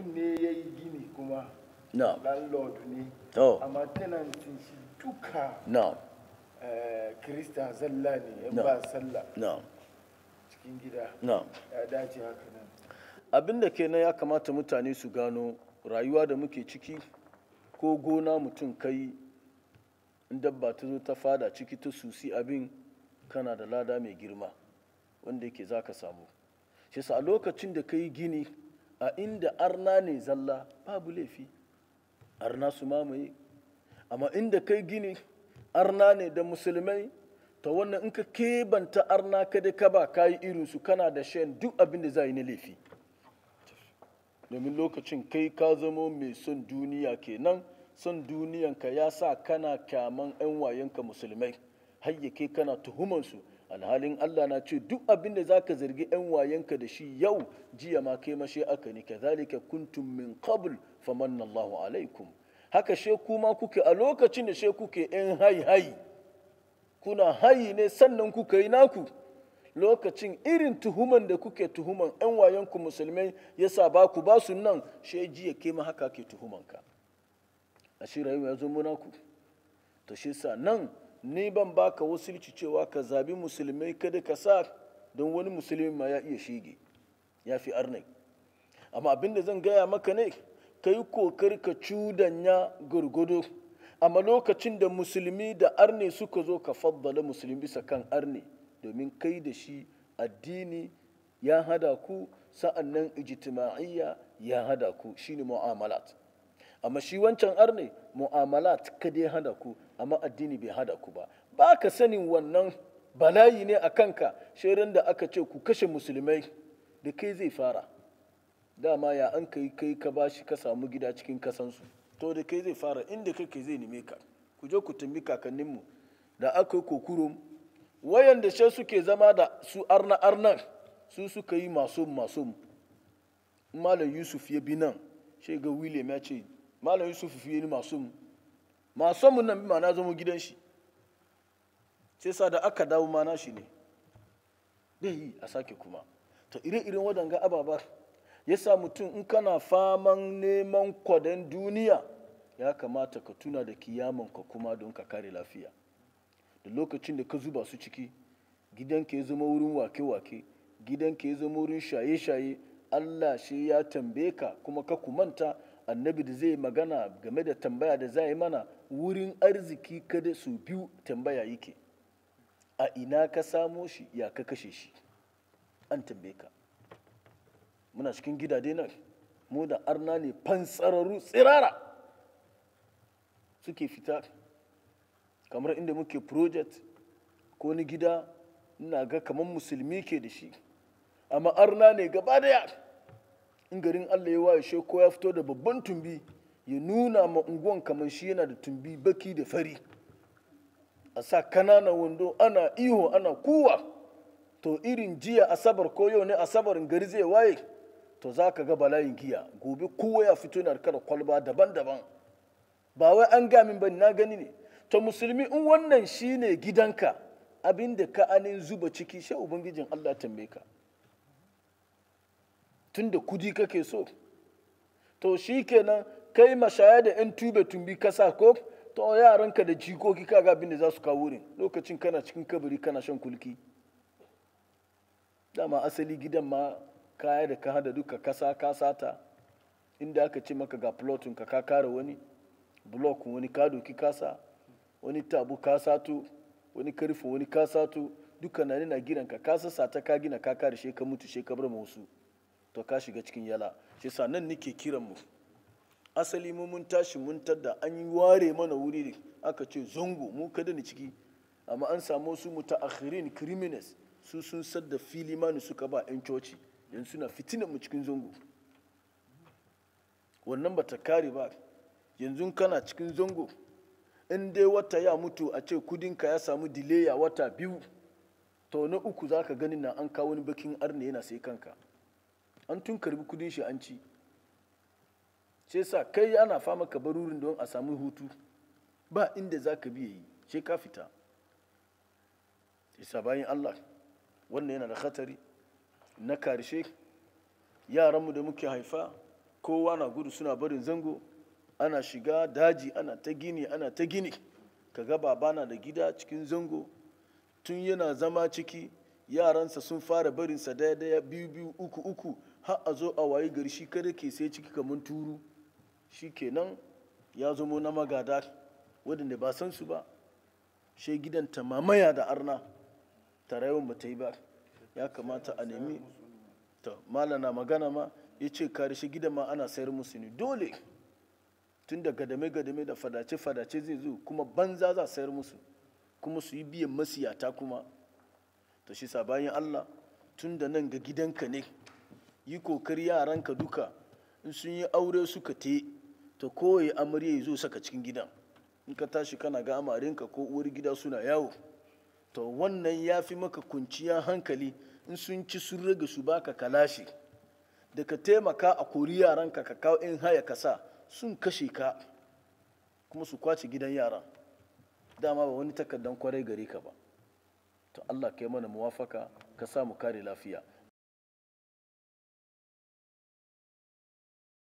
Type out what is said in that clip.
mutum ne ya yi gini kuma no. landlord ne to amma tenantin shi duka no. Eh, krista zalla ne in ba sallah no. cikin gida no. ya dace haka nan abin da kenan ya kamata mutane su gano rayuwa da muke ciki ko gona mutum kai in dabba ta zo ta fada ciki ta susi abin kana da lada mai girma wanda yake za ka samu shi a lokacin da ka yi gini a inda arna ne zalla babu laifi arna su mamaye amma inda kai gini arna ne da musulmai ta wannan in ka kebanta arna kada ka ba kayi irinsu kana da shan duk abin da za yi na laifi domin lokacin kai ka zamo mai son duniya kenan son duniyanka ya sa kana kyaman 'yan wayanka musulmai hayyake kana tuhumansu alhalin Allah na ce duk abin da zaka zargi yan wayenka da shi yau jiya ma kai mashe aka ne kazalika kuntum min qabl famanna Allahu alaikum haka she kuma kuke a lokacin da she kuke yan hai hai kuna hayi ne sannan kuka yi naku lokacin irin tuhuman da kuke tuhuman yan wayenku musulmai yasa ba ku ba su nan she jiya kai ma haka ke tuhumanka a rayuwa ya zo munaku to shi sa nan ni ban baka wasilci cewa ka zabi musulmai kada ka sa don wani musulmi ma ya iya shige ya fi arnai amma abinda zan gaya maka ne ka yi kokari ka cudanya gurgudu amma lokacin da musulmi da arne suka zo ka faddala musulmi bisa kan arne domin kai da shi addini ya hada ku sa'annan ijtima'iyya ya hada ku shine mu'amalat amma shi wancan ne mu'amalat ka dai hada ku amma addini bai hada ku ba ba ka sanin wannan bala'i ne a kanka shirin da aka ce ku kashe musulmai da kai zai fara dama ya an kai kai ka bashi ka samu gida cikin kasansu to da kai zai fara inda kai kai zai nime ka ku je ku tambi kakanninmu da aka yi kokuro wayanda shi suke zama da su arna arnan su suka yi masu masu malam yusuf ya bi nan shi william ya ce malam yusuf fiye ni masu mu masu mu nan bi ma na zama gidan shi sai sa da aka dawo ma na shi ne bai yi a sake kuma ta ire-iren waɗanga ababar ya sa mutum in kana faman neman kwadon duniya ya kamata ka tuna da ka kuma don ka kare lafiya da lokacin da ka zuba su ciki ka ya zama wurin wake-wake gidanka ya zama wurin shaye-shaye allah shi ya tambaye ka kuma ka kumanta annabi da zai magana game da tambaya da za a yi mana wurin arziki kada su biyu tambaya yake a ina ka samo shi ya ka kashe shi an tambaye ka muna cikin gidaje nan mu da arna ne fansararru tsirara suke fita kamar inda muke project ko ni gida ina ga kamar musulmi ke da shi amma arna ne gaba daya in garin Allah ya waye ko ya fito da babban tumbi ya nuna ma unguwan kamar shi yana da tumbi baki da fari a sa kananan wando ana iho ana kuwa to irin jiya asabar ko yau ne Asabar gari zai waye to za ka ga balayin giya gobe kowa ya fito yana da kwalba daban-daban ba wai an gamin ba na gani ne to musulmi in wannan shine gidanka abin da ka anin zuba ciki sai ubangijin Allah tambaye ka tunda kudi kake so to shi kenan kai mashaya da 'yan tube tumbi kasa ko to yaranka da jikoki kaga abin da za su kawo ne lokacin kana cikin kabari kana shan kulki dama asali gidan ma kaya da ka hada duka kasa ka sata inda aka ce maka ga plotin ka wani block wani ka doki kasa wani tabu ka sato wani karfe wani ka sato duka na na gidanka ka sata ka gina ka kare shi mutu shi ka bar wasu to ka shiga cikin yala shi sa nan nake kiran mu asali mu mun tashi mun tadda an yi ware mana wuri ne aka ce zango mu kada ni ciki amma an samu su mu ta'akhirin criminals su sun sadda fili mani suka ba yan coci yanzu suna fitina mu cikin zango wannan ba ta kare ba yanzu kana cikin zango in dai wata ya mutu a ce kudinka ya samu dileya wata biyu to na uku zaka ganin na an kawo wani bakin arne yana sai kanka an tun karbi kudin shi an ci sai sa kai ana fama ka barurin don a samu hutu ba inda za ka biya yi sai ka fita isa bayan allah wannan yana da hatari na karshe yaranmu da muke haifa kowa na gudu suna barin zango ana shiga daji ana ta gini ana ta gini ka kaga babana da gida cikin zango tun yana zama ciki yaransa sun fara barinsa daya daya biyu biyu uku uku har a zo a wayi gari shi kada ke sai ciki kamar turu shi kenan ya zamo na magada waɗanda ba san su ba shi gidan ta mamaya da arna tarayyar ba ta yi ba ya kamata a nemi ta malana magana ma ya ce kare shi gidan ma ana sayar musu ne dole tun da gadame-gadame da fadace-fadace zai zo kuma banza za sayar musu kuma su yi biyan masiyata kuma ta shi sabayin allah tun da nan ga gidanka ne yi kokari yaranka duka in sun yi aure suka te ta kowai amarya ya zo saka cikin gidan in ka tashi kana ga amarinka ko uwar gida suna yawo to wannan ya fi maka kunciya hankali in sun ci sun rage su baka kalashi da ka taimaka a kori yaranka ka kawo in haya ka sa sun kashe ka kuma su kwace gidan yaran dama ba wani takardan kwarai gare ka ba to allah kai mana muwafaka ka sa mu kare lafiya